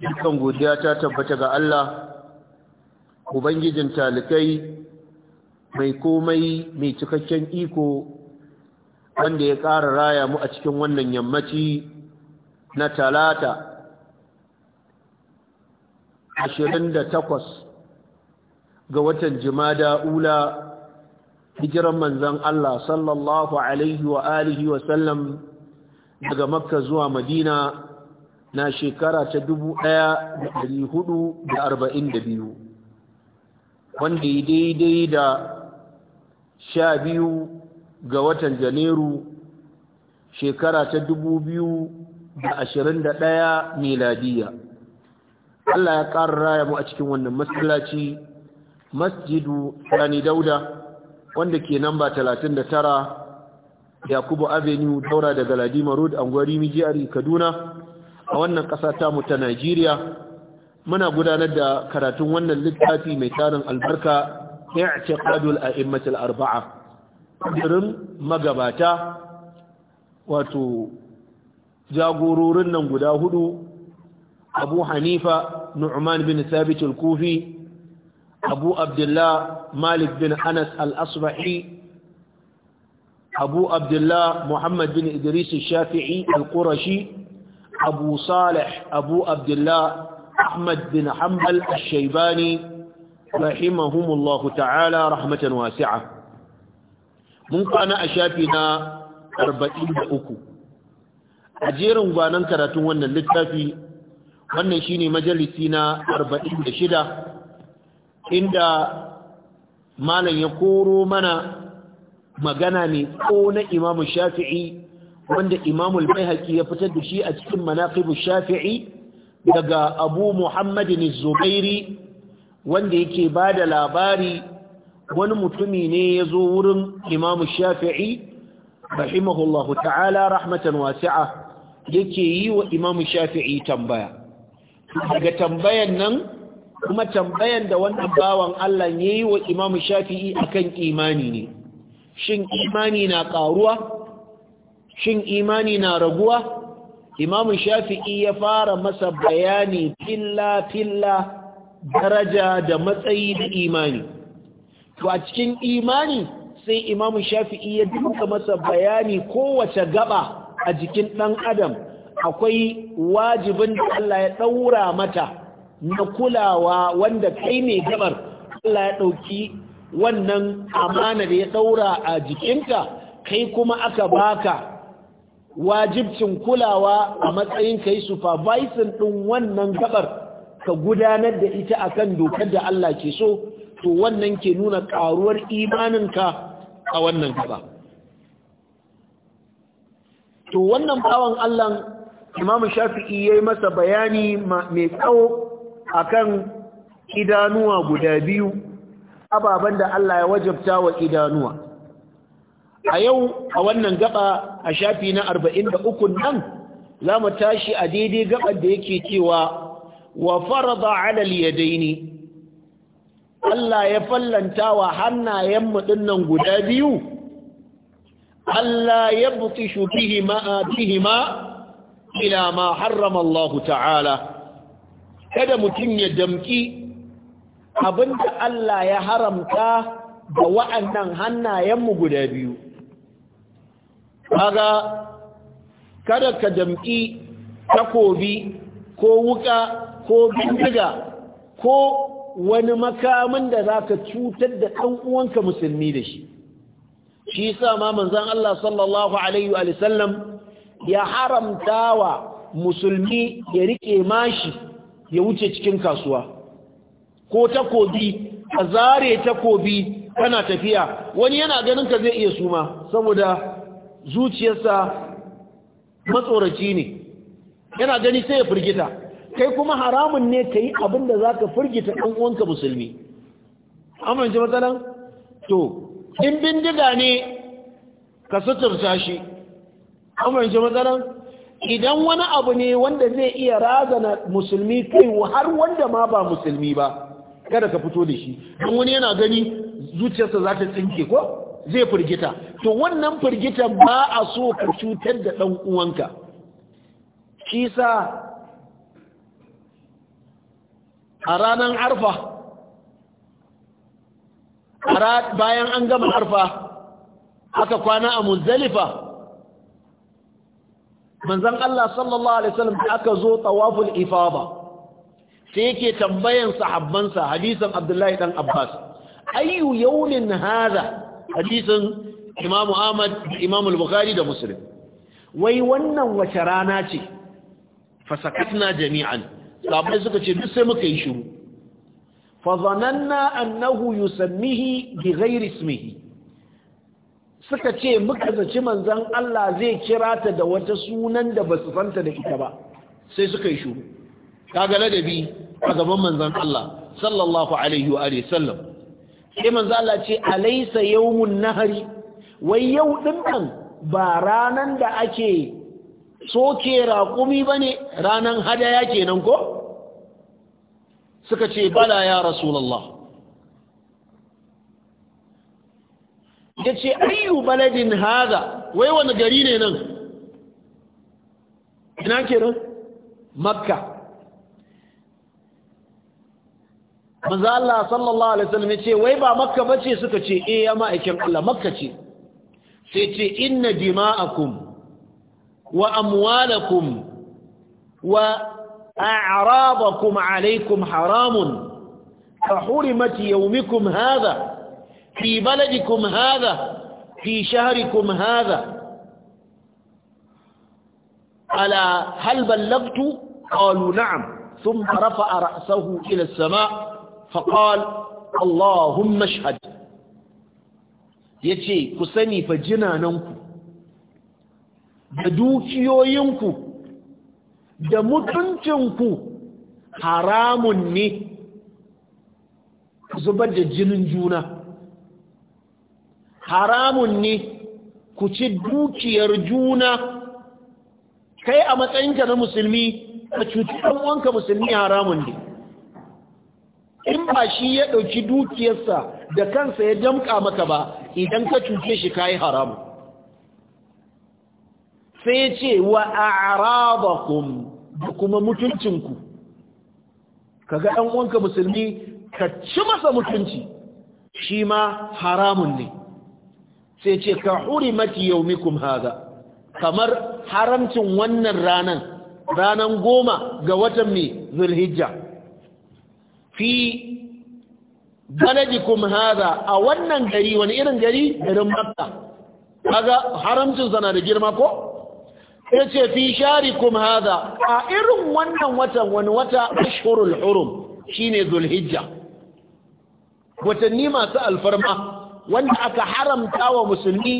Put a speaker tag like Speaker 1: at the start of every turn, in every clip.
Speaker 1: dukkan godiya ta tabbata ga Allah ubangijin talikai mai komai mai cikakken iko wanda ya ƙara raya mu a cikin wannan yammaci na talata Ashirin 28 ga watan jimada ula hijiran manzan Allah sallallahu Alaihi wa alihi daga makka zuwa madina na shekara ta dubu ɗaya da hudu da arba'in arba'in biyu, wanda ya daidai da sha biyu ga watan janairu shekara ta dubu biyu da da ɗaya 2021 meladiya Allah ya ƙara raya mu a cikin wannan masallaci masjidu sani dauda wanda ke namba tara, yakubu avenue daura daga ladima road angwari mijiyar kaduna a wannan ƙasa tamu ta Najeriya muna gudanar da karatun wannan littafi mai tarin albarka i'tiqadul a'immatul arba'a dirin magabata wato jagororin nan guda hudu Abu Hanifa Nu'man bin Thabit al-Kufi Abu Abdullah Malik bin Anas al-Asbahi Abu Abdullah Muhammad bin Idris al-Shafi'i al-Qurashi أبو صالح أبو عبد الله أحمد بن حنبل الشيباني رحمهم الله تعالى رحمة واسعة من قانا أشافنا أربعين أكو أجيرن قانان كراتون وانا للتافي وانا شيني مجلسينا أربعين شدة عند مالا يقورو منا magana ne ko na imamu shafi'i wanda Imamul al-Baihaqi ya fitar da shi a cikin Manaqib shafii daga Abu Muhammadin zubairi wanda yake bada labari wani mutumi ne yazo wurin Imam Shafi'i rahimahullahu ta'ala rahmatan wasi'a yake yi wa Imam Shafi'i tambaya daga tambayan nan kuma tambayan da wannan bawan Allah yayi wa Imam Shafi'i akan imani ne shin imani na karuwa shin imani na raguwa imamu shafi'i ya fara masa bayani filla-filla daraja da matsayi da imani to a cikin imani sai imamu shafi'i ya duka masa bayani kowace gaba a jikin ɗan adam akwai wajibin da Allah ya ɗaura mata na kulawa wanda kai ne gabar Allah ya ɗauki wannan amana da ya ɗaura a jikinka kai kuma aka baka wajibcin kulawa a matsayin ka yi supervisor ɗin wannan gabar ka gudanar da ita akan dokar da Allah ke so to wannan ke nuna ƙaruwar imaninka a wannan gaba to wannan bawan Allah imamu Shafi'i yi masa bayani mai tsawo a kan idanuwa guda biyu ababen da Allah ya wajabta wa idanuwa a yau a wannan gaba a shafi na arba'in da 43 nan za mu tashi a daidai gaba da yake cewa wa farada alal ya yadaini Allah ya fallanta wa hannayen mu nan guda biyu Allah ya a bihi ma ila ma harrama Allah ta'ala kada mutum ya damki abinda Allah ya haramta ga wa'annan hannayenmu guda biyu kaga kada ka jam'i takobi ko wuka ko bindiga ko wani makamin da za ka cutar da ɗan uwanka musulmi da shi shi sa ma manzan Allah sallallahu alaihi wa ya haramta wa musulmi ya riƙe mashi ya wuce cikin kasuwa ko takobi a zare takobi kana tafiya wani yana ganin ka zai iya suma saboda zuciyarsa matsoraci ne yana gani sai ya firgita kai kuma haramun ne ka yi abin da za ka firgita ɗan uwanka musulmi amince matsalan to in bindiga ne ka suturta shi amince matsalan idan wani abu ne wanda zai iya razana musulmi kai har wanda ma ba musulmi ba kada ka fito da shi don wani yana gani zuciyarsa za ta tsinke ko zai firgita to wannan firgita ba a so ka cutar da ɗan uwanka kisa a ranar arfa bayan an gama arfa aka kwana a muzalifa manzan Allah sallallahu Alaihi wasallam aka zo tawaful ifaba sai yake tambayan sahabbansa hadisan abdullahi ɗan abbas ayyu yaunin haza hadisin imamu ahmad imamu bukhari da muslim wai wannan wace rana ce fasakatna jami'an sabai suka ce duk sai muka yi shiru fa zananna annahu yusammihi bi ghairi ismihi suka ce muka zaci manzon Allah zai kira ta da wata sunan da basu fanta da ita ba sai suka yi shiru kaga ladabi a gaban manzon Allah sallallahu alaihi wa sallam sai manzo Allah ce alaysa yawmun nahari wai yau din nan ba ranan da ake soke raƙumi bane ranan hadaya kenan ko suka ce bala ya rasulullah ce ayyu baladin haza, wai wani gari ne nan ina kenan makka manzo Allah sallallahu alaihi wasallam yace wai ba makka bace suka ce eh ya ma'aikin Allah makka ce sai ce inna dima'akum wa amwalakum wa a'radakum alaykum haramun فحرمت يومكم هذا في بلدكم هذا في شهركم هذا ألا هل بلغت قالوا نعم ثم رفع رأسه إلى السماء faƙal Allahumma shahad ya ce ku sani fa jinananku da dukiyoyinku da mutuncinku haramun ne zubar da jinin juna haramun ne ku ci dukiyar juna kai a matsayinka na musulmi ka cuci ɗan wanka musulmi haramun ne in ba shi ya ɗauki dukiyarsa da kansa ya damƙa maka ba idan ka cuce shi ka yi haramu sai ce wa araba da kuma mutuncinku kaga ga uwanka musulmi ka ci masa mutunci shi ma haramun ne sai ce ka hurimati yaumikum haza kamar haramcin wannan ranan ranan goma ga watan mai zulhijja fi baladikum hada a wannan gari wani irin gari garin makka kaga haramcin sana da girma ko yace fi sharikum hada a irin wannan watan wani wata ashhurul hurum shine zulhijja watanni masu alfarma wanda aka haramta wa musulmi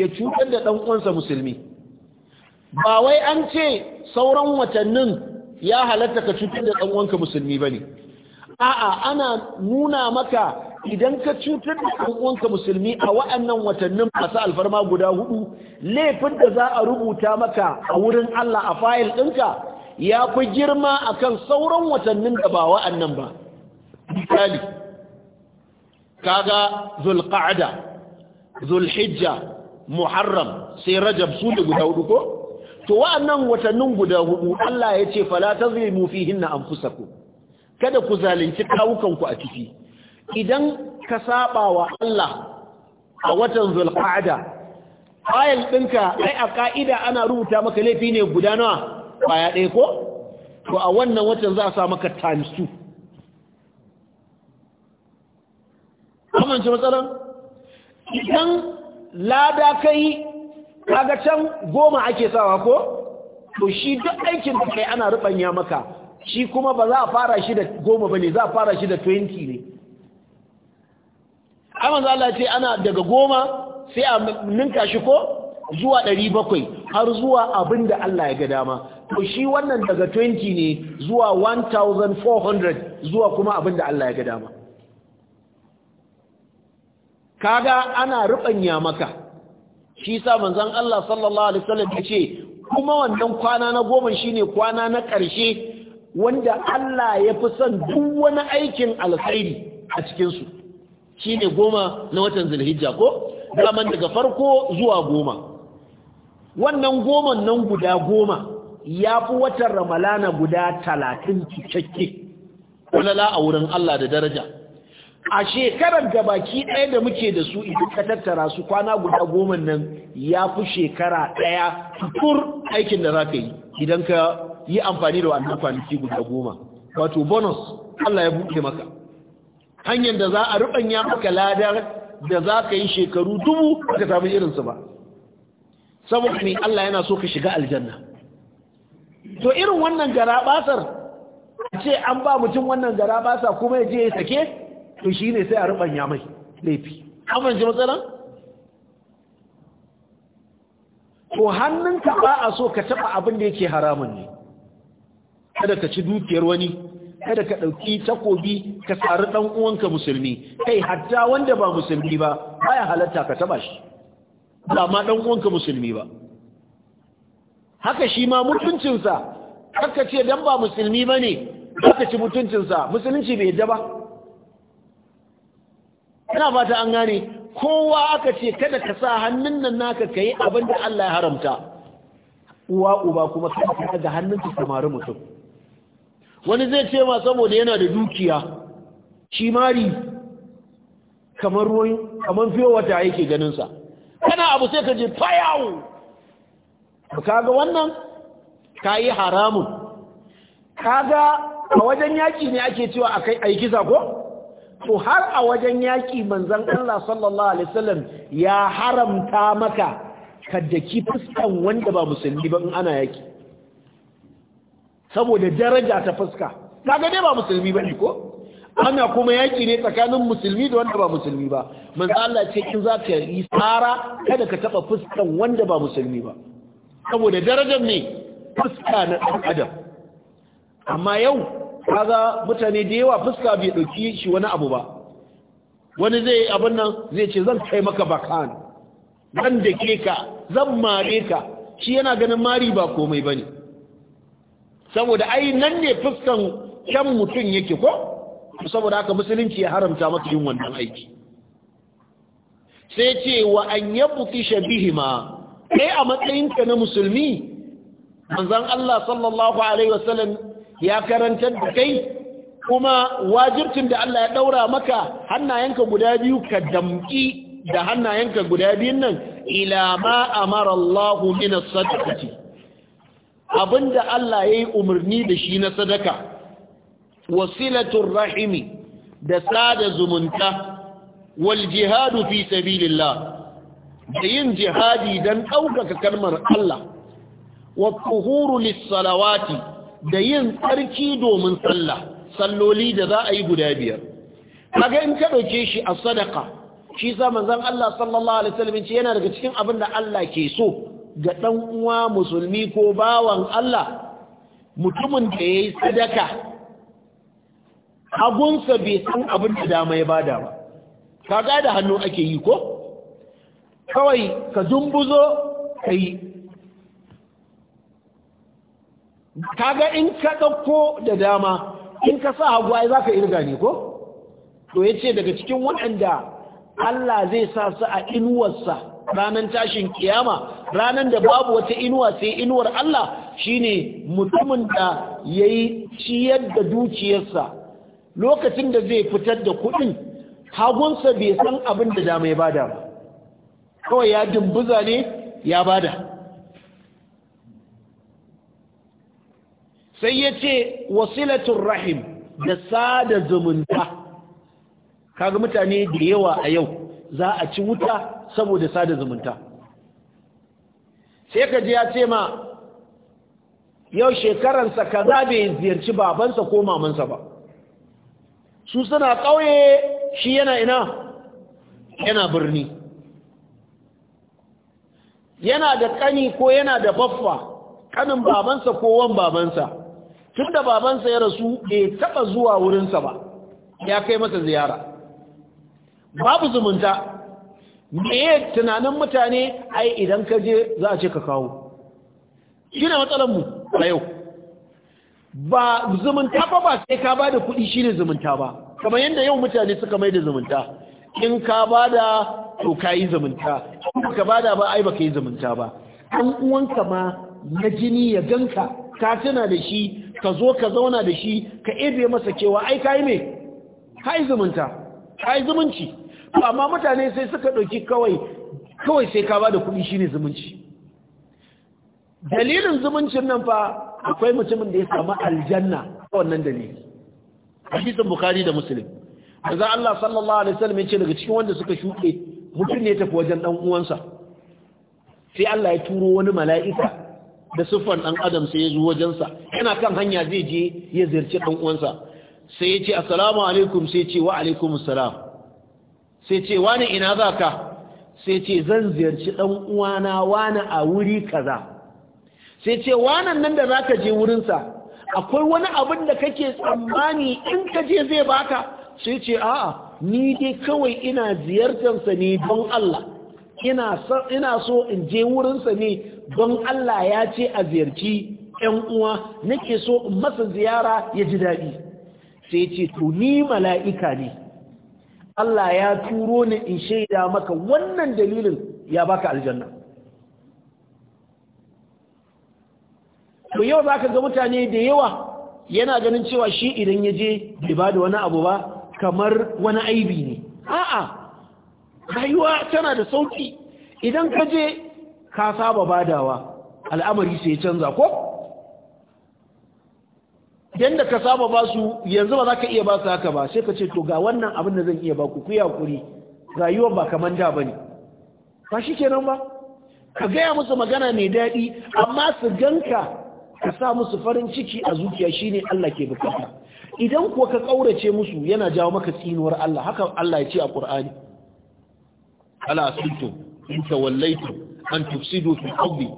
Speaker 1: ya cutar da dan uwansa musulmi ba wai an ce sauran watannin ya halatta ka cutar da dan uwanka musulmi bane a'a ana nuna maka idan ka cutar da uwanka musulmi a wa'annan watannin masu alfarma guda hudu laifin da za a rubuta maka a wurin Allah a fayil ɗinka ya fi girma akan sauran watannin da ba wa'annan ba misali kaga zulqa'da zulhijja muharram sai rajab su da guda hudu ko to wa'annan watannin guda hudu Allah ya ce fala tazlimu fihinna anfusakum kada ku zalunci kawukanku a ciki idan ka saba wa Allah a watan zulqa'ada fayil ɗinka ai a ka'ida ana rubuta maka laifi ne guda nawa baya ɗaya ko to a wannan watan za a sa maka times 2 amince matsalan idan lada kai kaga can goma ake sawa ko to shi duk aikin da kai ana rubanya maka shi kuma ba za a fara shi da goma ba ne za a fara shi da 20 ne amma za Allah ce ana daga goma sai a ninka shi ko zuwa 700 har zuwa abin da Allah ya ga dama to shi wannan daga 20 ne zuwa 1400 zuwa kuma abin da Allah ya ga dama kaga ana rubanya maka shi sa manzon Allah sallallahu alaihi wasallam ya ce kuma wannan kwana na goma shine kwana na ƙarshe wanda Allah ya fi son duk wani aikin alkhairi a cikinsu shi ne goma na watan zulhijja ko daman daga farko zuwa goma wannan goman nan guda goma ya fi watan ramalana guda talatin cikakke kulala a wurin Allah da daraja a shekarar da baki ɗaya da muke da su idan ka tattara su kwana guda goma nan ya fi shekara ɗaya tukur aikin da za ka yi idan ka yi amfani da wannan kwanaki guda goma wato bonus Allah ya buɗe maka hanyar da za a ya maka ladar da za ka yi shekaru dubu ka samu irinsu ba saboda ne Allah yana so ka shiga aljanna to irin wannan garabasar ce an ba mutum wannan garabasa kuma ya je ya sake to shi ne sai a ruɓanya mai laifi amince ko hannun ka ba a so ka taba abin da yake haramun ne kada ka ci dukiyar wani kada ka ɗauki takobi ka tsari ɗan uwanka musulmi kai hatta wanda ba musulmi ba baya halatta ka taba shi ba ma ɗan uwanka musulmi ba haka shi ma mutuncinsa haka ce dan ba musulmi ba ne haka ci mutuncinsa musulunci bai yadda ba ina fata an gane kowa aka ce kada ka sa hannun nan naka kai abin da Allah ya haramta uwa uba kuma kada ka ga hannun ka samari mutum wani zai ce ma saboda yana da dukiya shi mari kamar ruwan kamar fiye wata yake ganinsa kana abu sai ka je fayawo kaga wannan ka yi haramun kaga a wajen yaƙi ne ake cewa a yi kisa ko? to har a wajen yaƙi manzan Allah sallallahu Alaihi wasallam ya haramta maka ka ki fuskan wanda ba musulmi ba in ana yaƙi saboda daraja ta fuska kaga dai ba musulmi bane ko ana kuma yaki ne tsakanin musulmi da wanda ba musulmi ba manzo Allah ce kin zaka yi tsara kada ka taba fuskan wanda ba musulmi ba saboda darajar ne fuska na dan adam amma yau kaga mutane da yawa fuska bai dauki shi wani abu ba wani zai abin nan zai ce zan kai maka bakan zan ke ka zan mare ka shi yana ganin mari ba komai bane saboda ai nan ne fuskan kyan mutum yake ko saboda haka musulunci ya haramta maka yin wannan aiki sai ce wa an yabuki ma. kai a matsayinka na musulmi manzon Allah sallallahu alaihi wasallam ya karanta da kai kuma wajibcin da Allah ya daura maka hannayenka guda biyu ka damki da hannayenka guda biyun nan ila ma amara Allahu min as-sadaqati abinda Allah ya yi umarni da shi na sadaka wasilatul rahimi da sada zumunta wal jihadu fi sabilillah da yin jihadi don ɗaukaka kalmar Allah wa tuhuru lissalawati da yin tsarki domin sallah salloli da za a yi guda biyar kaga in ka shi a sadaka shi sa manzon Allah sallallahu alaihi wasallam yana daga cikin abin da Allah ke so ga ɗan uwa musulmi ko bawan Allah mutumin da ya yi sadaka hagunsa bai san abin da dama ya bada ba Ka gada hannu ake yi ko kawai ka zumbuzo ka yi kaga in ka ɗauko da dama in ka sa hagu ai za ka irga ne ko to ya ce daga cikin waɗanda Allah zai sa su a inuwarsa ranar tashin kiyama ranan da babu wata inuwa sai inuwar Allah shine mutumin da yayi ciyar da dukiyarsa lokacin da zai fitar da kuɗin hagunsa bai san abin da dama ya bada ba kawai ya dimbuza ne ya bada sai ya ce wasilatun rahim da sada zumunta kaga mutane da yawa a yau za a ci wuta saboda sada zumunta sai ka ji ya ce ma yau shekaransa kaza bai ziyarci babansa ko mamansa ba su suna ƙauye shi yana ina yana birni yana da ƙani ko yana da baffa ƙanin babansa ko wan babansa Tunda babansa ya rasu bai taɓa zuwa wurinsa ba ya kai masa ziyara babu zumunta me tunanin mutane ai idan ka je za a ce ka kawo shi ne mu a yau ba zumunta ba ba sai ka ba da kuɗi shi ne zumunta ba kamar yadda yau mutane suka mai da zumunta in ka ba da to ka yi zumunta in ka ba da ba ai ba ka yi zumunta ba an uwanka ma na jini ya ganka ka tuna da shi ka zo ka zauna da shi ka ebe masa cewa ai ka yi me ka yi zumunta ka yi zumunci amma mutane sai suka ɗauki kawai kawai sai ka ba da kuɗi shine zumunci dalilin zumuncin nan fa akwai mutumin da ya samu aljanna a wannan dalili hadisin bukari da Da za Allah sallallahu alaihi wasallam ce daga cikin wanda suka shuke mutum ne tafi wajen dan uwansa sai Allah ya turo wani mala'ika da siffan ɗan adam sai ya zo wajen sa yana kan hanya zai je ya ziyarci dan uwansa sai ya ce assalamu alaikum sai ya ce wa alaikumus salam sai ce wani ina za ka sai ce zan ziyarci ɗan uwana wani a wuri kaza sai ce wanan nan da za ka je wurinsa akwai wani abin da kake tsammani in ka je zai baka sai ce a'a ni dai kawai ina ziyartarsa ne don Allah ina so in je wurinsa ne don Allah ya ce a ziyarci ‘yan uwa nake so in masa ziyara ya ji daɗi sai ce to ni mala'ika ne Allah ya turo ni in shaida maka wannan dalilin ya baka aljanna to yau zaka ga mutane da yawa yana ganin cewa shi idan ya je bai bada wani abu ba kamar wani aibi ne a'a rayuwa tana da sauki idan ka je ka saba badawa al'amari sai ya canza ko yanda ka saba ba su yanzu ba za ka iya ba su haka ba sai ka ce to ga wannan abin da zan iya ba ku ku hakuri rayuwa ba kamar da ne. ba shi kenan ba ka gaya musu magana mai daɗi amma su ganka ka sa musu farin ciki a zuciya shine Allah ke bukata idan kuwa ka ƙaurace musu yana jawo maka tsinuwar Allah haka Allah ya ce a ƙur'ani ala asuntum in tawallaytum an tufsidu fil ardi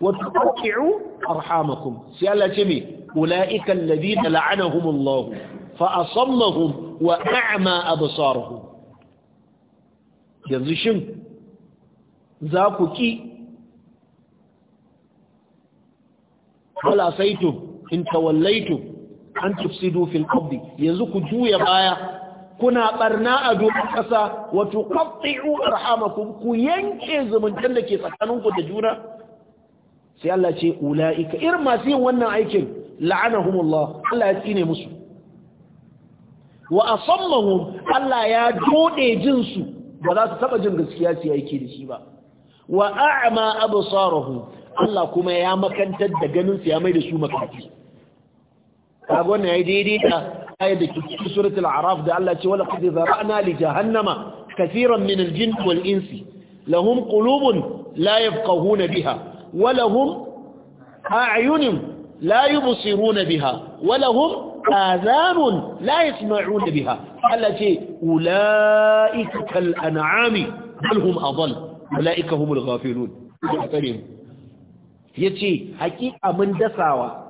Speaker 1: wa tuqti'u arhamakum sai Allah ce me ulaika alladhina la'anahum Allah fa asammahum wa a'ma absarahum yanzu shin za ku ki hal asaitum in tawallaitum an tufsidu fil qabdi yanzu ku juya baya kuna barna a dokin kasa wa tuqatti'u arhamakum ku yanke zumuntan da ke tsakaninku da juna sai Allah ce ula'ika irin masu yin wannan aikin la'anahumullah Allah ya tsine musu wa asammahum Allah ya dode jin su ba za su taba jin gaskiya su aiki da shi ba wa a'ma absarahum Allah kuma ya makantar da ganin su ya mai da su makafi kaga wannan yayi daidai da ayat da cikin suratul a'raf da Allah ce wala qad zara'na li jahannama kathiran min al-jinn wal insi lahum qulubun la yafqahuna biha walahum a'yunin la yubsiruna biha walahum آذان لا يسمعون بها التي أولئك كالأنعام بل هم أضل أولئك هم الغافلون yace hakika mun dasawa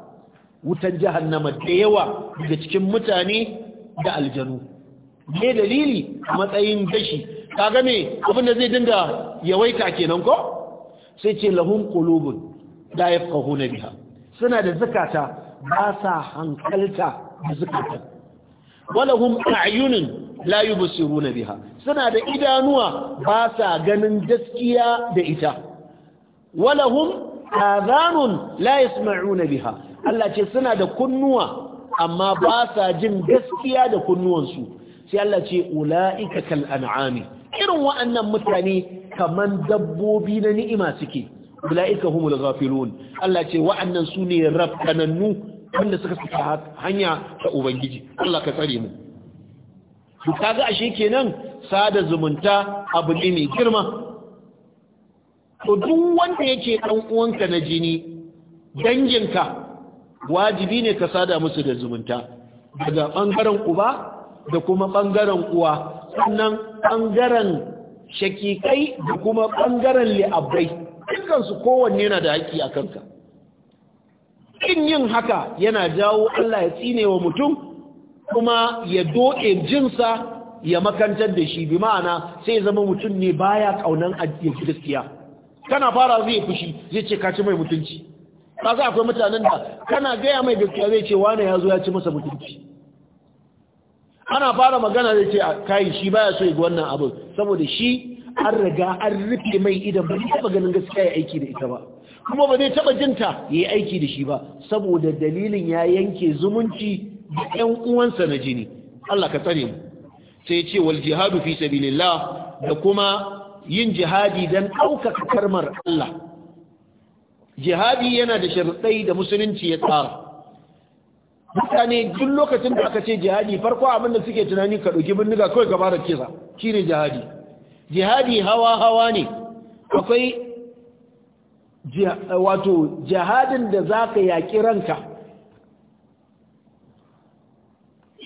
Speaker 1: wutan jahannama da yawa daga cikin mutane da aljanu ne dalili a matsayin gashi. kaga me abin da zai dinga yawaita kenan ko sai ce lahum qulubun la na biha suna da zukata ba sa hankalta da zakata walahum a'yunun la na biha suna da idanuwa ba sa ganin gaskiya da ita walahum adhanun la na biha Allah ce suna da kunnuwa amma ba sa jin gaskiya da kunnuwansu sai Allah ce ula'ika kan an'ami irin wa'annan mutane kaman dabbobi na ni'ima suke humu da ghafilun Allah ce wa'annan su ne rafkanannu wanda suka saka hanya ta ubangiji Allah ka tsare mu ta kaga ashe kenan sada zumunta abu ne mai girma to duk wanda yake dan uwanka na jini danginka wajibi ne ka sada musu da zumunta daga ɓangaren uba da kuma ɓangaren uwa sannan ɓangaren shakikai da kuma ɓangaren li'abbai dukansu kowanne na da haƙƙi a kanka in yin haka yana jawo Allah ya tsine wa mutum kuma ya doɗe jinsa ya makantar da shi bi ma'ana sai zama mutum ne baya ƙaunan ajiyar gaskiya kana fara zai fushi zai ce kaci mai mutunci ba za akwai mutanen da kana gaya mai gaskiya zai ce wane ya zo ya ci masa mutunci ana fara magana da ce a kai shi baya so ga wannan abin saboda shi an riga an rufe mai idan ba zai taba ganin gaskiya ya aiki da ita ba kuma ba zai taba jinta ya yi aiki da shi ba saboda dalilin ya yanke zumunci da ƴan uwansa na jini Allah ka tsare mu sai ce wal jihadu fi sabilillah da kuma yin jihadi dan ɗaukaka karmar Allah jihadi yana da sharuɗai da musulunci ya tsara mutane duk lokacin da aka ce jihadi farko abin da suke tunani ka ɗauki bindiga kawai gaba da kisa shine jihadi jihadi hawa hawa ne akwai wato jihadin da za ka yaƙi ranka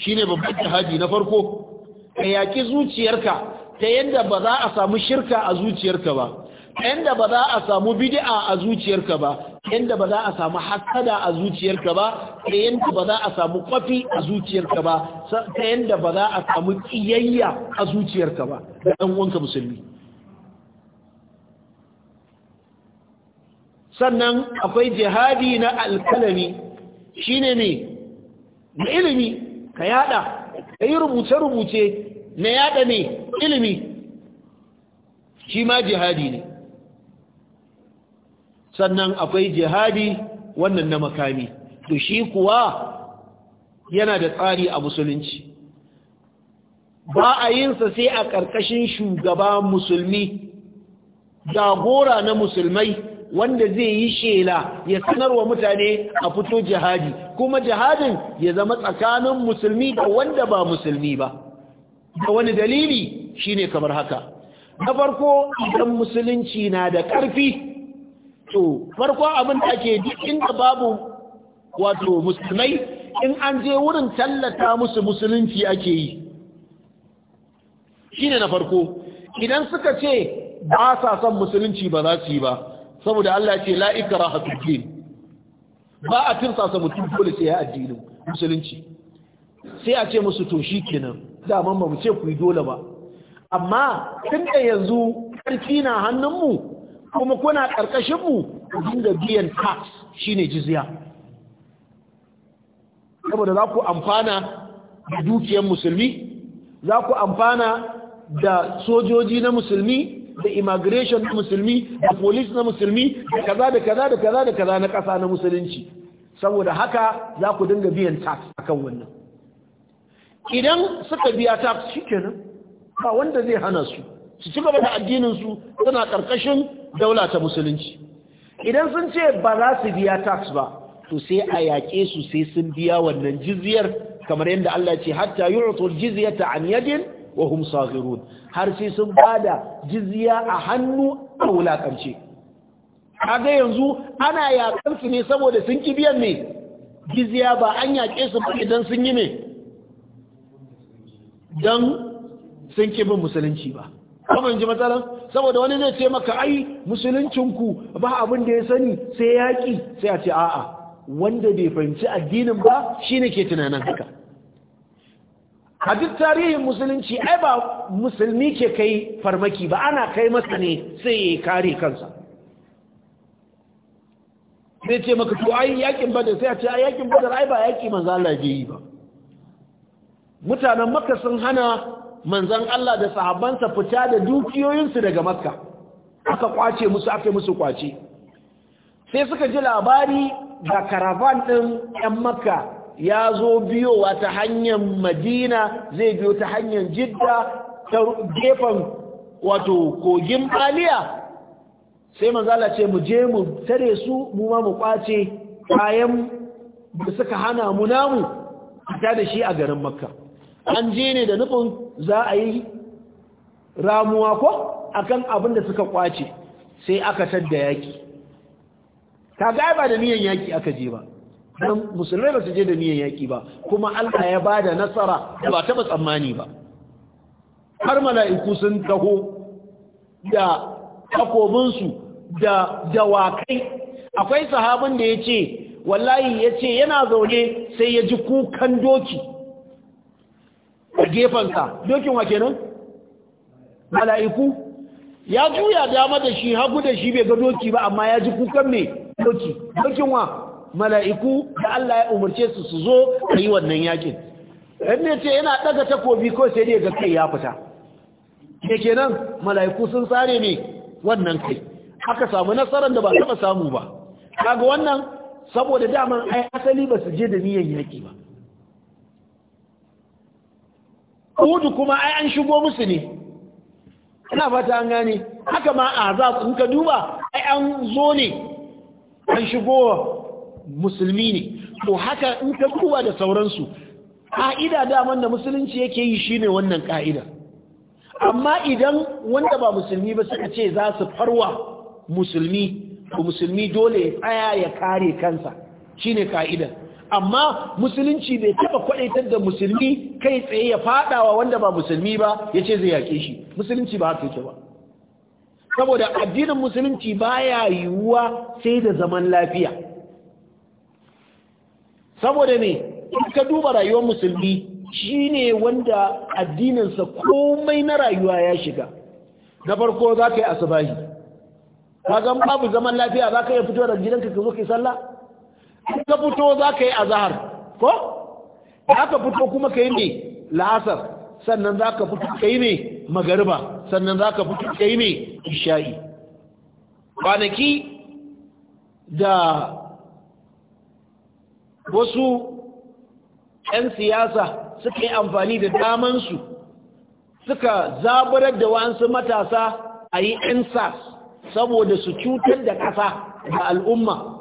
Speaker 1: shine babban jihadi na farko ka yaƙi zuciyarka ta yadda ba za a samu shirka a zuciyarka ba inda ba za a samu bid'a a zuciyarka ba inda ba za a samu hasada a zuciyarka ba ta yanda ba za a samu kwafi a zuciyarka ba ta yanda ba za a samu kiyayya a zuciyarka ba da ɗan wanka musulmi sannan akwai jihadi na alkalami shine ne na ilimi ka yada ka yi rubuce-rubuce na yada ne ilimi shi ma jihadi ne sannan akwai jihadi wannan na makami to shi kuwa yana da tsari a musulunci ba a yinsa sai a ƙarƙashin shugaba musulmi jagora na musulmai wanda zai yi shela ya sanarwa mutane a fito jihadi kuma jihadin ya zama tsakanin musulmi da wanda ba musulmi ba da wani dalili shine kamar haka na farko idan musulunci na da ƙarfi to farko abin da ake duk inda babu wato musulmai in an je wurin tallata musu musulunci ake yi shine na farko idan suka ce ba sa son musulunci ba za su yi ba saboda Allah ce la ikraha fid ba a tirsa sa mutum dole sai ya addinin musulunci sai a ce musu to shikenan daman ba mu ce ku yi dole ba amma tun da yanzu karfi na hannunmu kuma kuna ƙarƙashin mu ku dinga biyan tax shine jizya saboda za ku amfana da dukiyar musulmi za ku amfana da sojoji na musulmi da immigration na musulmi da police na musulmi da kaza da kaza da kaza da kaza na ƙasa na musulunci saboda haka za ku dinga biyan tax akan wannan idan suka biya tax kenan ba wanda zai hana su su ci gaba da su suna ƙarƙashin daula ta musulunci idan sun ce ba za su biya tax ba to sai a yaƙe su sai sun biya wannan jizyar kamar yadda Allah ce hatta yu'tu jizyata an yadin wa hum saghirun har sai sun bada jizya a hannu a wulakance kaga yanzu ana yaƙar su ne saboda sun ki biyan ne jizya ba an yaƙe su ba idan sun yi ne dan sun ki bin musulunci ba kuma ji matsalan saboda wani zai ce maka ai musuluncinku ba abin da ya sani sai yaƙi sai a ce a'a wanda bai fahimci addinin ba shine ke tunanin haka a duk tarihin musulunci ai ba musulmi ke kai farmaki ba ana kai masa ne sai ya kare kansa zai ce maka to ai yaƙin badar sai a ce ai yaƙin badar ai ba yaƙi manzo Allah ya yi ba mutanen makka sun hana manzon Allah da sahabbansa fita da dukiyoyinsu daga makka aka kwace musu aka musu kwace sai suka ji labari da karavan ɗin 'yan makka ya zo biyowa ta hanyar madina zai biyo ta hanyar jidda ta gefen wato kogin baliya sai Allah ce mu je mu tare su mu ma mu kwace kayan da suka hana mu namu ta da shi a garin makka an je ne da nufin za a yi ramuwa ko a kan abin da suka kwace sai aka tadda yaki ta gaya ba da niyan yaki aka je ba don musulmai ba su je da niyan yaƙi ba kuma allah ya ba da nasara da ba taɓa tsammani ba har mala'iku sun taho da takobinsu da dawakai akwai sahabin da ya ce wallahi ya ce yana zaune sai ya ji kukan doki a gefensa dokin wa kenan mala'iku ya juya dama da shi hagu da shi bai ga doki ba amma ya ji kukan mai doki dokin wa mala'iku da Allah ya umarce su su zo a yi wannan yakin ɗan ne ce yana ɗaga takobi ko sai dai ga kai ya fita ke kenan mala'iku sun sare ne wannan kai aka samu nasarar da ba taɓa samu ba kaga wannan saboda daman ai asali ba su je da niyan yaki ba hudu kuma ai an shigo musu ne ina fata an gane haka ma a za su ka duba ai an zo ne an shigo musulmi ne to haka in ka duba da sauransu ka'ida daman da musulunci yake yi shi ne wannan ka'ida amma idan wanda ba musulmi ba suka ce za su farwa musulmi to musulmi dole ya tsaya ya kare kansa Shi ne ka'idar amma musulunci bai taba kwadaitar da musulmi kai tsaye ya fadawa wanda ba musulmi ba ya ce zai yake shi musulunci ba haka yake ba saboda addinin musulunci baya yiwuwa sai da zaman lafiya saboda ne in ka duba rayuwar musulmi shine wanda addininsa komai na rayuwa ya shiga na farko za ka yi asubahi kaga babu zaman lafiya za ka iya fito da gidanka ka zo ka sallah in ka fito za ka yi azahar ko za ka fito kuma ka yi ne la'asar sannan za ka fito ka yi ne magariba sannan za ka fito ka yi ne isha'i kwanaki da wasu 'yan siyasa suka yi amfani da damansu suka zaburar da wa'ansu matasa a yi 'yan saboda su cutar da ƙasa da al'umma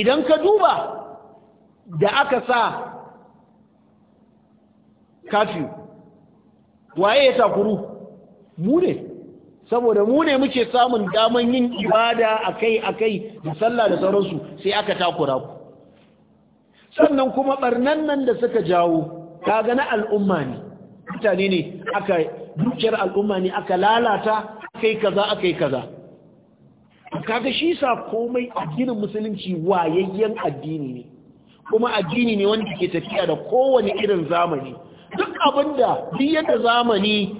Speaker 1: idan ka duba da aka sa kafin waye ya takuru mu ne saboda mu ne muke samun daman yin ibada akai-akai da sallah da sauransu sai aka takura ku sannan kuma barnan nan da suka jawo kaga na al'umma ne mutane ne aka dukiyar al'umma ne aka lalata akai kaza akai kaza kaga shi sa komai addinin musulunci wayayyen addini ne kuma addini ne wanda ke tafiya da kowane irin zamani duk abinda duk yadda zamani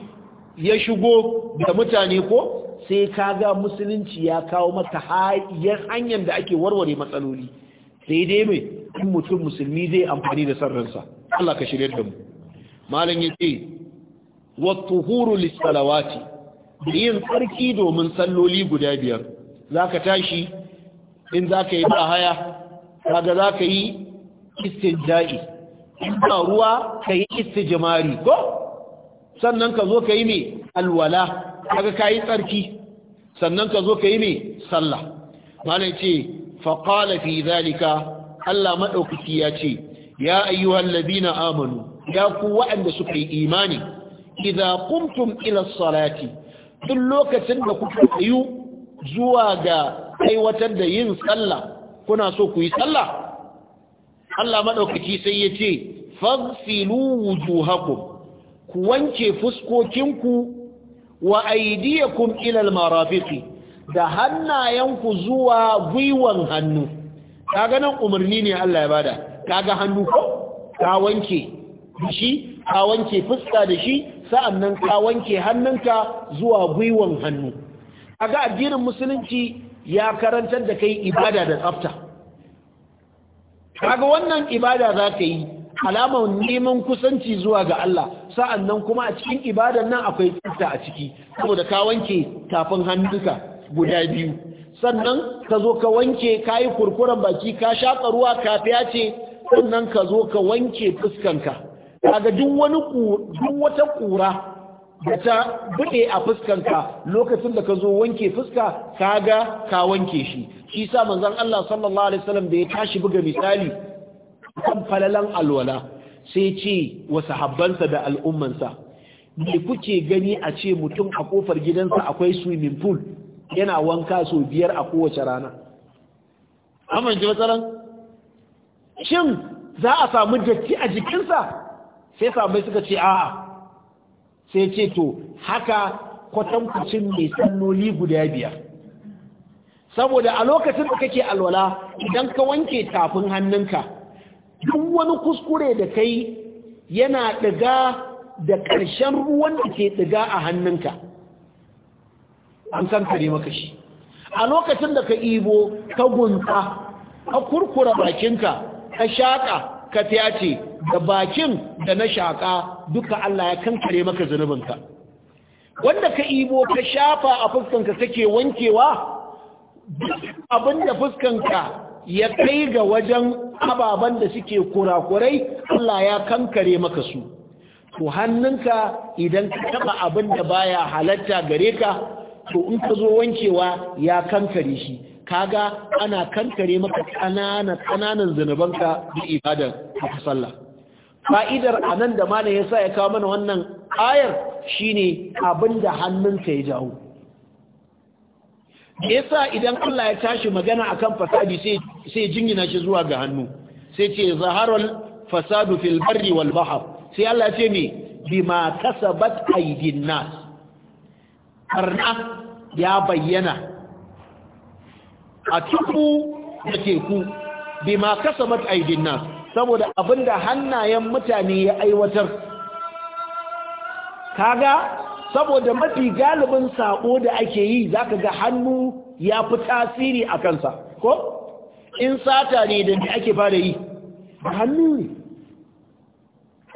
Speaker 1: ya shigo da mutane ko sai kaga musulunci ya kawo maka hanyar da ake warware matsaloli sai dai mai in mutum musulmi zai amfani da sarransa Allah ka shirya da mu malam yace wa tuhuru lis salawati yin tsarki domin salloli guda biyar za ka tashi in za ka yi ba haya kaga za ka yi istinja'i in ba ruwa ka yi istijimari ko sannan ka zo ka yi mai alwala kaga ka yi tsarki sannan ka zo ka yi mai sallah malai ce faƙala zalika Allah maɗaukaki ya ce ya ayyuhan labina amanu ya ku waɗanda suka yi imani idza qumtum ila salati duk lokacin da kuka tsayu zuwa ga aiwatar da yin sallah kuna so ku yi sallah Allah madaukaki sai ya ce faghsilu wujuhakum ku wanke fuskokinku wa aidiyakum ila almarafiqi da hannayenku zuwa gwiwan hannu kaga nan umarni ne Allah ya bada kaga hannu ko ka wanke shi ka wanke fuska da shi sa'annan ka wanke hannunka zuwa gwiwon hannu kaga addinin musulunci ya karantar da kai ibada da tsafta
Speaker 2: kaga wannan ibada za ka yi
Speaker 1: alamar neman kusanci zuwa ga Allah Sa'an nan kuma a cikin ibadan nan akwai tsafta a ciki saboda ka wanke tafin hannunka guda biyu sannan ka zo ka wanke ka yi kurkuren baki ka shaƙa ruwa kafiya ce sannan ka zo ka wanke fuskanka kaga duk wani duk wata ƙura. da ta buɗe a fuskanka lokacin da ka zo wanke fuska ka ga ka wanke shi shi sa manzon Allah sallallahu alaihi wasallam da ya tashi buga misali kan falalan alwala sai ce wa sahabbansa da al'ummansa me kuke gani a ce mutum a kofar gidansa akwai swimming pool yana wanka sau biyar a kowace rana ji matsalan shin za a samu datti a jikinsa sai sabai suka ce a'a sai ce to haka kwatankwacin mai sannoli guda biyar saboda a lokacin da kake alwala idan ka wanke tafin hannunka duk wani kuskure da kai yana ɗiga da ƙarshen ruwan da ke ɗiga a hannunka an kankare maka shi a lokacin da ka ibo ka gunta ka kurkura bakinka ka shaƙa ka ce da bakin da na shaƙa duka Allah ya kankare maka zunubinka wanda ka ibo ka shafa a fuskanka kake wankewa abin da fuskanka ya kai ga wajen ababen da suke kurakurai Allah ya kankare maka su to hannunka idan ka taba abin da baya halatta gare ka to in ka zo wankewa ya kankare shi kaga ana kankare maka ƙananan ƙananan zunubanka da ibadan a sallah fa'idar anan da mana ya sa ya kawo mana wannan ayar shine abinda hannunka ya jawo me yasa idan Allah ya tashi magana akan fasadi sai sai jingina shi zuwa ga hannu sai ce zaharal fasadu fil barri wal bahr sai Allah ce me bima kasabat aydin nas Karna ya bayyana a tuku da teku bima kasabat aidin nas saboda abinda hannayen mutane ya aiwatar kaga saboda mafi galibin sako da ake yi zaka ga hannu ya fi tasiri a kansa ko in sata ne da ake fara yi da hannu ne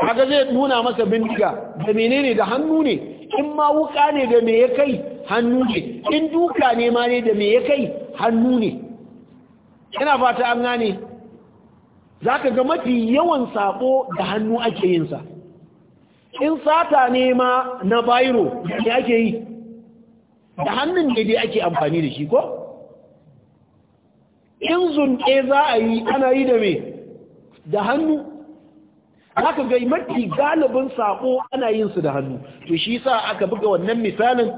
Speaker 1: kaga zai nuna masa bindiga da menene da hannu ne in ma wuka ne da me ya kai hannu ne in duka ne ma ne da me ya kai hannu ne ina fata an gane za ka ga mafi yawan sako da hannu ake yinsa in sata ne ma na bayro da ake yi da hannun ne dai ake amfani da shi ko in zunɗe za a yi ana yi da me da hannu za ka ga mafi galibin sako ana yin da hannu to shi sa aka buga wannan misalin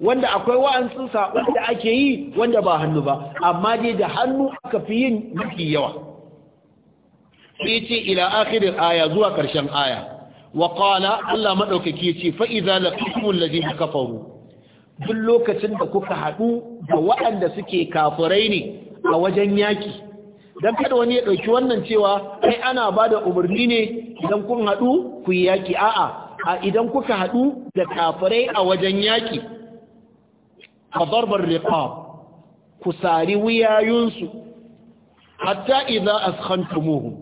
Speaker 1: wanda akwai wa'ansu saɓon da ake yi wanda ba hannu ba amma dai da hannu aka fi yin mafi yawa sai ce ila akhirin aya zuwa ƙarshen aya wa qala Allah ya ce fa idza laqitumul ladina kafaru duk lokacin da kuka haɗu da waɗanda suke kafirai ne a wajen yaki dan kada wani ya ɗauki wannan cewa kai ana bada umarni ne idan kun haɗu ku yi yaki a'a a idan kuka haɗu da kafirai a wajen yaki a darbar riƙa ku sari wuyayunsu hatta idan a idza muhu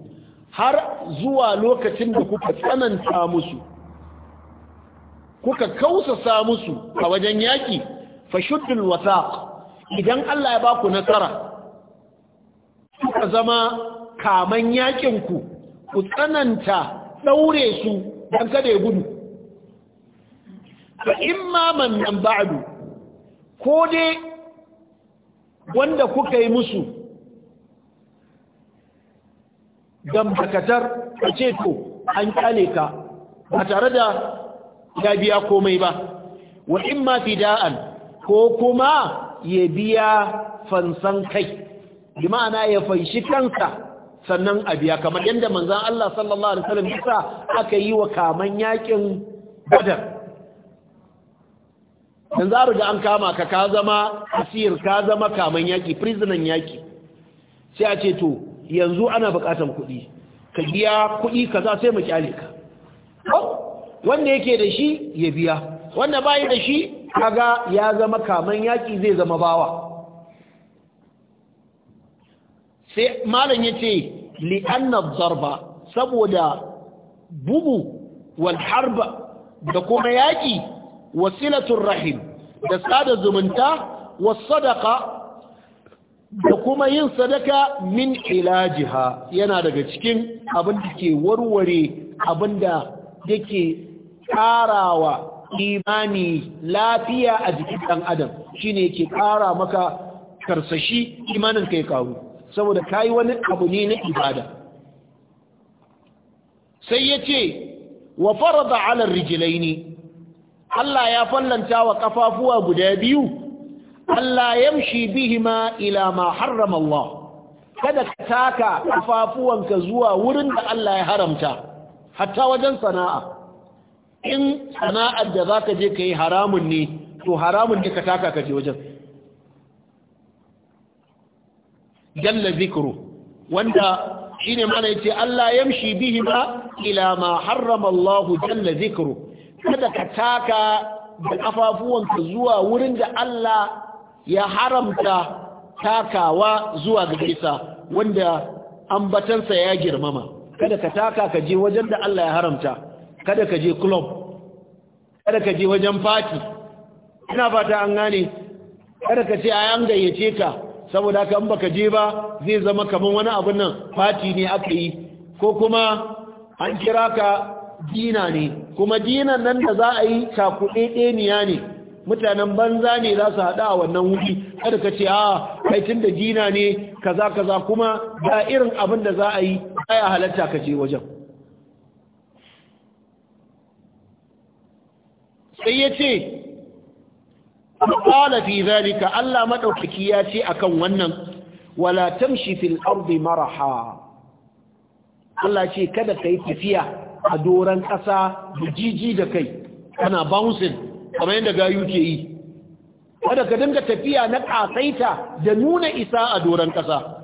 Speaker 1: har zuwa lokacin da kuka tsananta musu kuka kausasa musu a wajen yaƙi fashuddul wata idan Allah ya baku nasara kuka zama kaman yaƙinku ku ku tsananta ɗaure su don kada ya gudu fa imma man ba'adu ko dai wanda kuka yi musu dambakatar a ce to an kyale ka ba tare da ya biya komai ba wa in ma ko kuma ya biya fansan kai bi ma'ana ya fanshi kanka sannan a biya kamar yadda manzan Allah sallallahu Alaihi wasallam aka yi wa kaman yakin badar yanzu a riga an kama ka ka zama asir ka zama kaman yaki prisoner yaki sai a ce to yanzu ana buƙatar kuɗi ka biya kuɗi kaza sai mu kyale ka wanda yake da shi ya biya wanda bayi da shi kaga ya zama kaman yaki zai zama bawa sai malam ya yace li'annab zarba saboda bugu wal harba da kuma yaki wasilatun rahim da sada zumunta wasadaka da kuma yin sadaka min ilajiha yana daga cikin abin da ke warware abin da yake karawa imani lafiya a jikin ɗan adam shine ke kara maka karsashi imanin kai karu saboda kayi wani abu ne na ibada sai yace wa farada ala rijlaini Allah ya fallanta wa kafafuwa guda biyu Allah yamshi bihima ila ma harrama Allah kada ka taka kafafuwanka zuwa wurin da Allah ya haramta hatta wajen sana'a in sana'ar da zaka je kai haramun ne to haramun ne ka taka ka je wajen jalla zikru wanda shine mana yace Allah yamshi bihima ila ma harrama Allah jalla zikru kada ka taka da kafafuwanka zuwa wurin da Allah ya haramta takawa zuwa ga gaisa wanda ambatansa ya girmama kada ka taka ka je wajen da Allah ya haramta kada ka je club kada ka je wajen party ina fata an gane kada ka ce ayan gayyace ka saboda ka an baka je ba zai zama kaman wani abun nan party ne aka yi ko kuma an kira ka dina ne kuma dinan nan da za a yi cakuɗe ɗeniya ne mutanen banza ne za su haɗa a wannan wuri kada ka ce a ah, haitin da dina ne kaza kaza kuma ga irin abin da za a yi aya halatta ka je wajen sai ya ce ƙala fi zalika Allah maɗaukaki ya ce akan wannan wala tamshi fil ardi maraha Allah ce kada ka yi tafiya a doron ƙasa da da kai kana bouncing kamar yadda gayu ke yi kada ka dinga tafiya na ƙasaita da nuna isa a doron ƙasa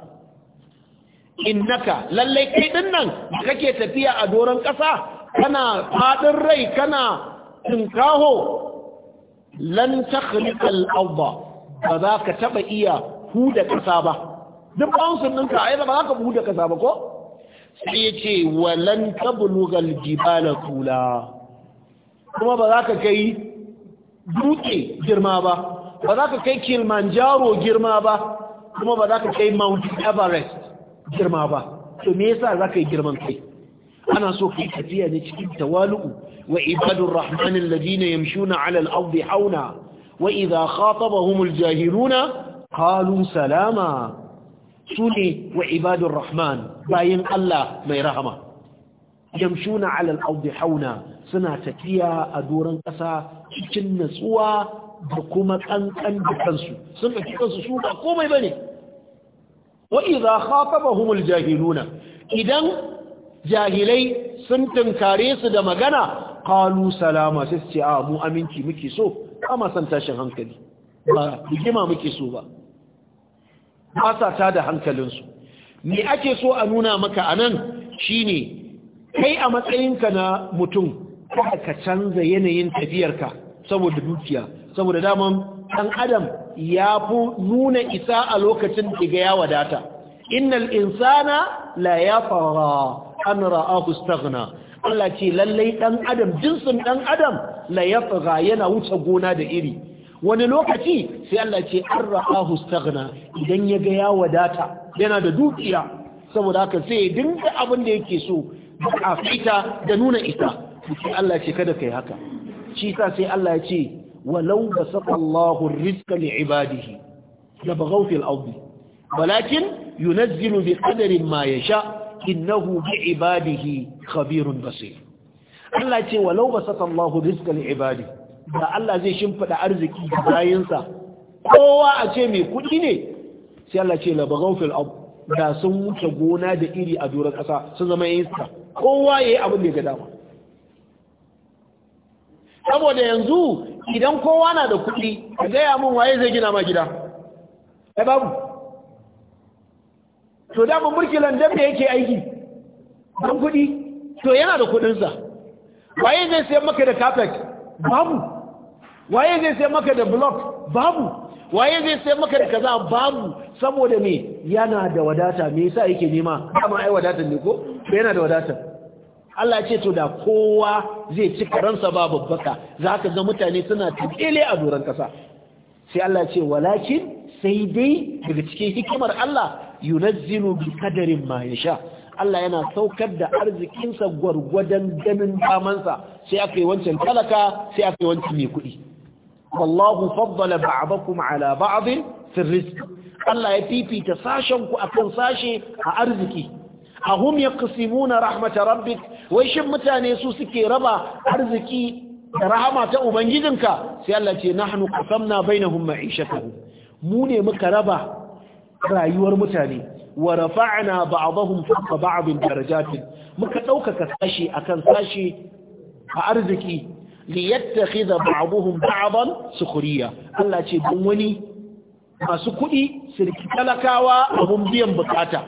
Speaker 1: naka lallai kai ɗin nan kake tafiya a doron ƙasa kana faɗin rai kana tinkaho lan takhliqal ba za ka taba iya huda ƙasa ba duk bouncing ɗinka ai ba za ka huda ƙasa ba ko sai ya ce walan tablugal jibala tula kuma ba za ka kai dutse girma ba ba za ka kai kilimanjaro girma ba kuma ba za ka kai mount everest girma ba to me yasa za ka yi girman kai ana so ka yi tafiya ne cikin tawalu'u wa ibadur rahman alladhina yamshuna 'ala al-ardi hauna wa iza khatabahum al-jahiluna qalu salama su ne wa ibadun rahman bayan Allah mai rahama yamshuna alal ardi hauna suna tafiya a doron ƙasa cikin natsuwa da kuma ƙanƙan da kansu sun ɗauki kansu su ba komai bane wa idza Humul Jahiluna. idan jahilai sun tunkare su da magana qalu salama sai su ce a mu aminci muke so kama son tashin hankali ba rigima muke so ba ba ta da hankalinsu me ake so a nuna maka a nan shine kai a matsayinka na mutum ka canza yanayin tafiyarka saboda dukiya saboda daman ɗan adam ya fi nuna isa a lokacin daga ya wadata innal insana la ya fara an ra'ahu staghna Allah ce lallai ɗan adam jinsin ɗan adam la ya fara yana wuce gona da iri wani lokaci sai Allah ce an ra'ahu staghna idan ya ga ya wadata yana da dukiya saboda haka sai ya dinga abin da yake so da fita da nuna isa sai Allah ce kada kai haka shi sa sai Allah ya ce walau basaqa rizqa li ibadihi la baghaw fil ardi walakin yunazzilu bi qadri ma yasha innahu bi ibadihi khabirun basir Allah ce walau basaqa Allahu rizqa li ibadihi da Allah zai shimfada arziki da bayinsa kowa a ce mai kuɗi ne sai Allah ce la bagaw fil ab da sun wuce gona da iri a doron ƙasa sun zama yin sa kowa yayi abin da ya ga dama saboda yanzu idan kowa na da kuɗi ka gaya min waye zai gina ma gida ai babu to da mun landan da yake aiki don kuɗi to yana da kuɗinsa waye zai sayar maka da kafet babu waye zai sai maka da block babu waye zai sai maka da kaza babu saboda me yana da wadata me yasa yake nema amma ai wadatar ne ko yana da wadatar Allah ce to da kowa zai ci karansa ba babbaka zaka ga mutane suna tsile a doran kasa sai Allah ce walakin sai dai daga cikin hikimar Allah yunazzilu bi qadarin ma yasha Allah yana saukar da arzikinsa gwargwadon ganin damansa sai aka yi wancan talaka sai aka yi wancan mai kuɗi wallahu faddala ba'dakum ala ba'd fi rizq Allah ya fifita sashen ku akan sashe a arziki ahum yaqsimuna rahmat rabbik wai shin mutane su suke raba arziki da rahama ta ubangijinka sai Allah ce na qasamna bainahum ma'ishatuhum mu ne muka raba rayuwar mutane wa rafa'na ba'dahum fawqa ba'd darajatin muka ɗaukaka sashi akan sashe a arziki li yattakhidha ba'dhum ba'dan sukhriya Allah ce don wani masu kuɗi sirki talakawa abun biyan bukata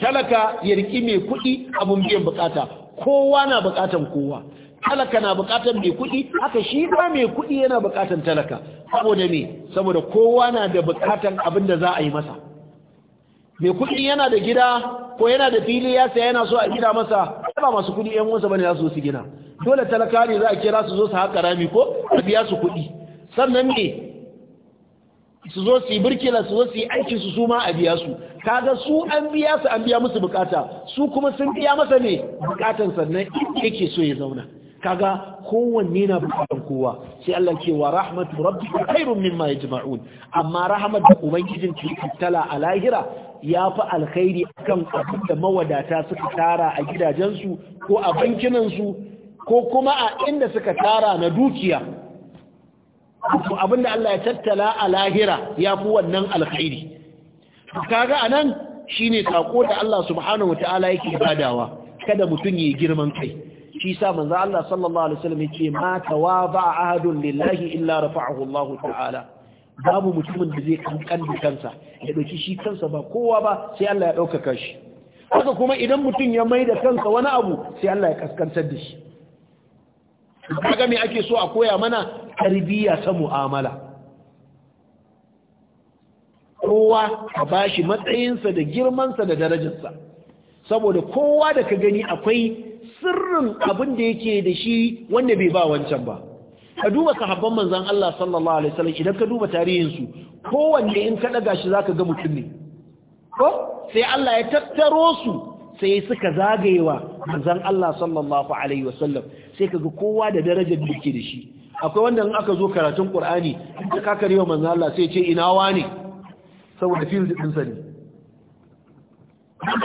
Speaker 1: talaka ya mai kuɗi abun biyan bukata kowa na bukatan kowa talaka na bukatan mai kuɗi haka shi ba mai kuɗi yana bukatan talaka saboda me saboda kowa na da bukatan abin da za a yi masa mai kuɗi yana da gida ko yana da fili ya saya yana so a gida masa ba masu kuɗi yan uwansa bane za su su gina dole talaka ne za a kira su zo su haka rami ko a biya su kuɗi sannan me su zo su yi birkila su zo su yi aikin su su ma a biya su kaga su an biya su an biya musu bukata su kuma sun biya masa ne bukatan sannan yake so ya zauna kaga kowanne na bukatan kowa sai Allah ce wa rahmatu rabbi khairun mimma yajma'un amma rahmat da ubangijin ki tattala a lahira ya fi alkhairi akan abin da mawadata suka tara a gidajensu ko a bankinansu ko kuma a inda suka tara na dukiya to abinda Allah ya tattala a lahira ya fi wannan alkhairi kaga anan shine sako da Allah subhanahu wataala yake badawa kada mutum yi girman kai shi sa manzo Allah sallallahu alaihi wasallam yace ma tawaba ahadun lillahi illa rafa'ahu Allah ta'ala babu mutumin da zai kankan kansa ya dauki shi kansa ba kowa ba sai Allah ya dauka shi haka kuma idan mutum ya mai da kansa wani abu sai Allah ya kaskantar da shi kaga me ake so a koya mana tarbiyya ta mu'amala kowa a bashi matsayinsa da girmansa da darajarsa saboda kowa da ka gani akwai sirrin abin da yake da shi wanda bai ba wancan ba ka duba sahabban manzon Allah sallallahu alaihi wasallam idan ka duba tarihinsu kowanne in ka daga shi zaka ga mutum ne ko sai Allah ya tattaro su sai suka zagayewa manzon Allah sallallahu alaihi wasallam sai ka ga kowa da darajar da yake da shi akwai wanda in aka zo karatun Kur'ani, ka kakarewa manzon Allah sai ce ina wani saboda field din sa ne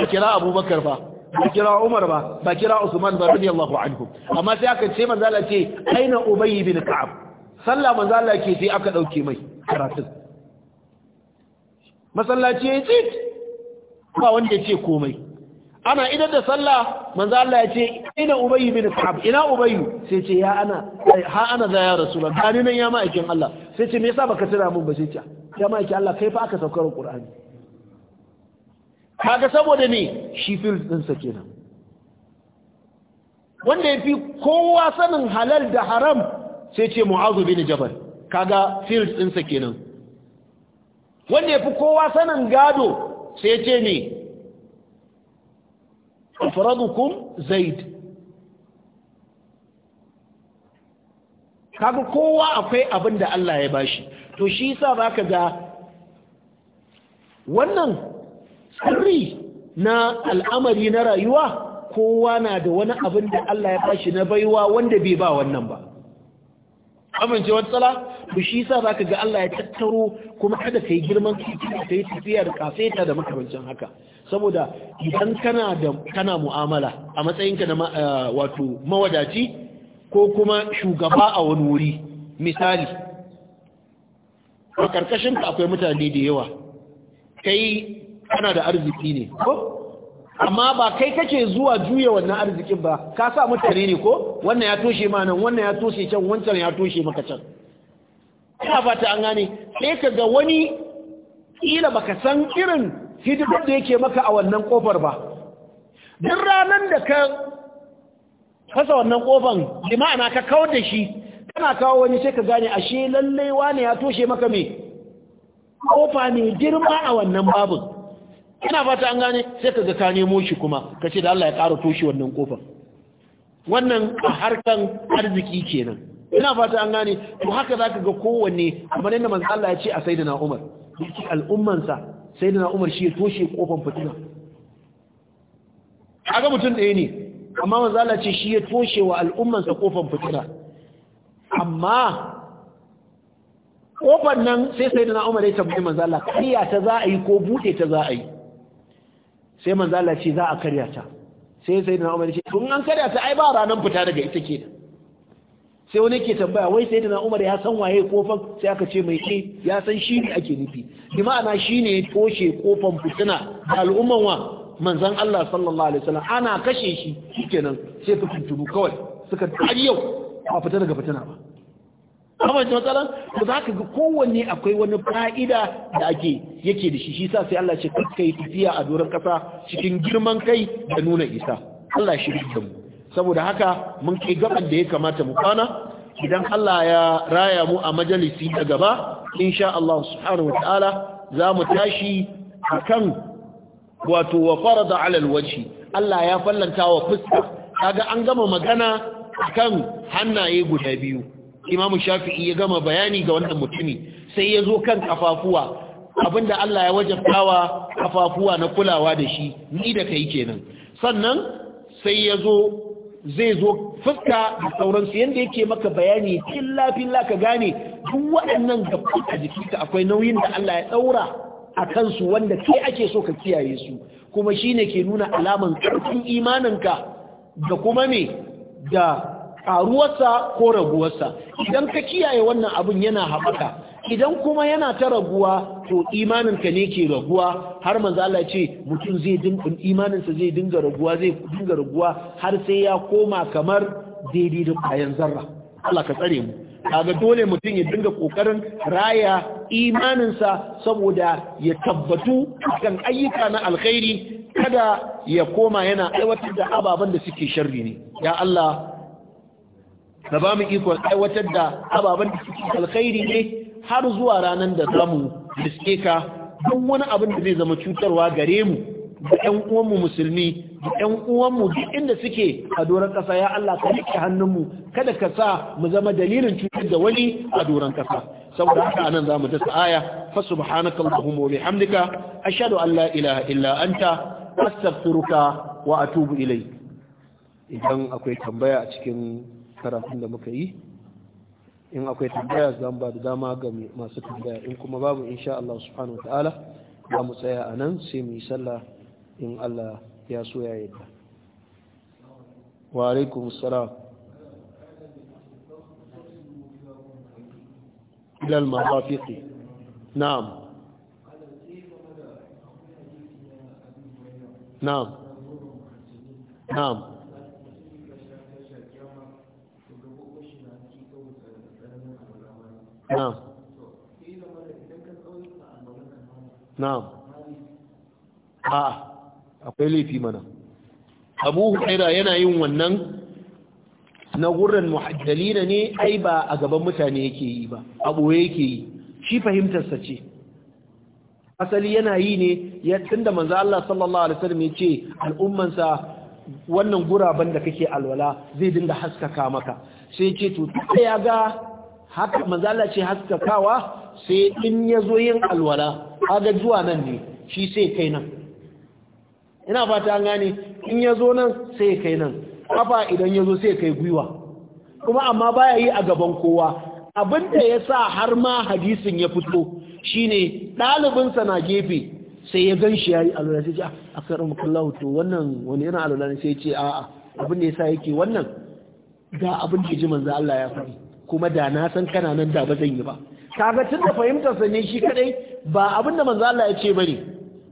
Speaker 1: ka kira Abubakar ba. ba kira Umar ba ba kira Usman ba radiyallahu anhu amma sai aka ce manzo Allah ce aina Ubay bin Ka'ab sallah manzo Allah ke sai aka dauke mai karatun masallaci yayi tsit ba wanda ce komai ana idan da sallah manzo Allah ya ce ina Ubay bin Ka'ab ina Ubay sai ce ya ana ha ana za ya rasulullah gani nan ya ma'aikin Allah sai ce me yasa baka tsira mun ba sai ce ya ma'aikin Allah kai fa aka saukar Qur'ani kaga saboda ne shi fil ɗinsa kenan wanda yafi fi kowa sanin halal da haram sai ce mu'azu bin jabal kaga fil ɗinsa kenan wanda yafi kowa sanin gado sai ce ne afradukum zaid kaga kowa akwai abin da Allah ya bashi to shi yasa zaka ga wannan sirri na al'amari na rayuwa kowa na da wani abin da Allah ya bashi na baiwa wanda bai ba wannan ba amince wata tsala bu shi sa za ka ga Allah ya tattaro kuma kada ka yi girman titi ka yi tafiya da kaseta da makamancin haka saboda idan kana da kana mu'amala a matsayinka na eh, wato mawadaci ko kuma shugaba a wani wuri misali a ƙarƙashin ka akwai mutane da yawa kai kana da arziki ne ko amma ba kai kake zuwa juya wannan arzikin ba ka sa mutane ne ko wannan ya toshe ma nan wannan ya toshe can wancan ya toshe maka can ina fata an gane sai ka ga wani kila baka san irin hidimar da yake maka a wannan kofar ba duk ranar da ka fasa wannan kofan bi ma'ana ka kawar da shi kana kawo wani sai ka gane ashe lallai wane ya toshe maka me kofa ne girma a wannan babin ina fata an gane sai ka ga ka nemo shi kuma ka ce da Allah ya ƙara toshe wannan kofar wannan a harkan arziki kenan ina fata an gane to haka zaka ga kowanne kamar yadda manzo Allah ya ce a sayyidina Umar yake al'ummansa sayyidina Umar shi ya toshe kofar fitina kaga mutum ɗaya ne amma manzo Allah ce shi ya toshe wa al'ummansa kofar fitina amma kofar nan sai sayyidina Umar ya tabbata manzo Allah kariya ta za a yi ko bude ta za a yi sai manzo Allah ce za a karya ta sai sai na Umar ce kun an karya ta ai ba ranan fita daga ita ke sai wani ke tambaya wai sai na Umar ya san waye kofan sai aka ce mai ke eh, ya san shi ne ake nufi bi ma'ana shine toshe kofan fitina da al'umman wa manzon Allah sallallahu alaihi wasallam ana kashe shi shikenan sai fitintunu kawai suka har yau ba fita daga fitina ba amma shi matsalan to za ka ga kowanne akwai wani fa'ida da ake yake da shi shi sa sai Allah ce yi tafiya a doron kasa cikin girman kai da nuna isa Allah shi da mu saboda haka mun kai gaban da ya kamata mu kwana idan Allah ya raya mu a majalisi da gaba insha Allah subhanahu wataala za mu tashi kan, wato wa farada ala alwajhi Allah ya fallanta wa fuska kaga an gama magana akan hannaye guda biyu imamu shafi'i ya gama bayani ga wannan mutumi sai ya zo kan kafafuwa abinda Allah ya wajabtawa kafafuwa na kulawa da shi ni da kai kenan sannan sai ya zo zai zo fuska da sauransu yadda yake maka bayani illa filla ka gane duk waɗannan gaban a ka akwai nauyin da Allah ya ɗaura a kansu wanda kai ake so ka kiyaye su kuma shine ke nuna alaman ƙarfin imaninka da kuma me da ƙaruwarsa ko raguwarsa idan ka kiyaye wannan abin yana haɓaka idan kuma yana ta raguwa to imaninka ne ke raguwa har manzala ce mutum zai imaninsa zai dinga raguwa zai dinga raguwa har sai ya koma kamar daidai da bayan zarra Allah ka tsare mu kaga dole mutum ya dinga kokarin raya imaninsa saboda ya tabbatu kan ayyuka na alkhairi kada ya koma yana aiwatar da ababen da suke sharri ne ya Allah ka ba mu ikon aiwatar da ababen da suke alkhairi ne har zuwa ranar da za mu biske ka duk wani abin da zai zama cutarwa gare mu da ƴan uwanmu musulmi da ƴan uwanmu duk inda suke a doron ƙasa ya Allah ka rike hannunmu kada ka sa mu zama dalilin cutar da wani a doron ƙasa saboda haka anan za mu dasa aya fa subhanaka allahumma wa bihamdika ashhadu an la ilaha illa anta astaghfiruka wa atubu ilayk idan akwai tambaya a cikin karatun da muka yi in akwai tambaya za mu ba da dama ga masu tambaya in kuma babu insha Allah subhanahu ta'ala za mu tsaya a nan sai mu yi sallah in Allah ya so ya yadda wa alaikum salam ila al na'am na'am na'am na'am akwai laifi mana abu yana yin wannan na wurin muhajjalina ne ai ba a gaban mutane yake yi ba aboye yake yi shi fahimtarsa ce asali yana yi ne ya tunda manzo Allah sallallahu alaihi wasallam ce al'ummansa wannan guraben da kake alwala zai dinga haskaka maka sai yace to ya ga haka manzala ce haskakawa sai in ya zo yin alwala kaga zuwa nan ne shi sai kai nan ina fata an gane in ya zo nan sai kai nan kafa idan ya zo sai kai gwiwa kuma amma baya yi a gaban kowa abinda ya sa har ma hadisin ya fito shi ne ɗalibinsa na gefe sai ya gan shi ya yi alwala sai ce a ah, karin kallahu to wannan wani yana alwala sai ce a'a abin da ya sa yake wannan ga abin da ji manzo Allah ya faɗi kuma da na san kana nan da ba zan yi ba kaga tun da fahimtar sa ne shi kadai ba abinda manzo Allah ya ce bane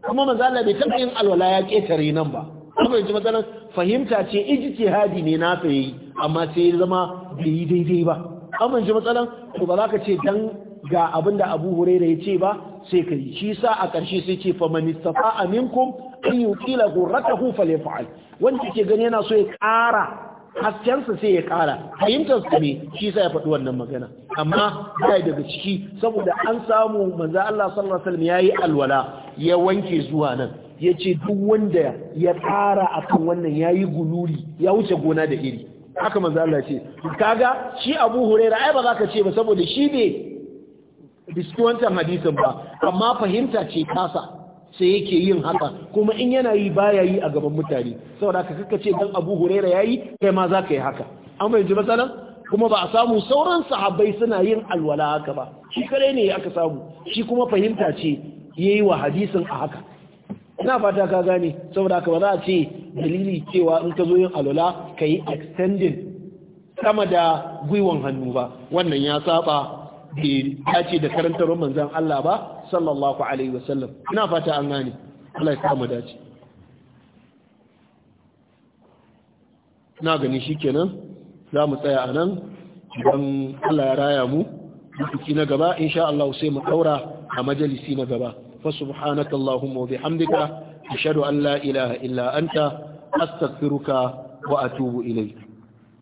Speaker 1: kuma manzo Allah bai taba yin alwala ya ketare nan ba kuma yanzu matsalan fahimta ce ijtihadi ne na sa yi amma sai ya zama bai yi daidai ba amma yanzu matsalan to ba za ka ce dan ga abinda Abu Hurairah ya ce ba sai ka yi shi sa a karshe sai ce fa man istafa'a kila an yuqila ghurratahu falyaf'al wanda ke gani yana so ya ƙara haskensa sai ya ƙara fahimtarsa ne shi sai ya faɗi wannan magana amma bai daga ciki saboda an samu manzo Allah sallallahu alaihi wasallam yayi alwala ya wanke zuwa nan yace duk wanda ya ƙara akan wannan yayi gululi ya wuce gona da iri haka manzo Allah ce kaga shi Abu Hurairah ai ba za ka ce ba saboda shi ne biski hadisin ba amma fahimta ce kasa sai yake yin haka kuma in yana yi baya yi a gaban mutane saboda haka kaka ce dan Abu Huraira yayi kai ma zaka yi haka an ji matsalan kuma ba a samu sauran sahabbai suna yin alwala haka ba shi kare ne aka samu shi kuma fahimta ce yayi wa hadisin a haka ina fata ka gane saboda ka ba za a ce dalili cewa in ka zo yin alwala ka yi extending sama da gwiwan hannu ba wannan ya saba ya ce da karantarwar manzan Allah ba sallallahu alaihi wasallam ina fata an gane Allah ya samu dace na gani shikenan za mu tsaya a nan don Allah ya raya mu duki na gaba insha Allah sai mu daura a majalisi na gaba fa subhanaka allahumma wa bihamdika ashhadu an la ilaha illa anta astaghfiruka wa atubu ilayk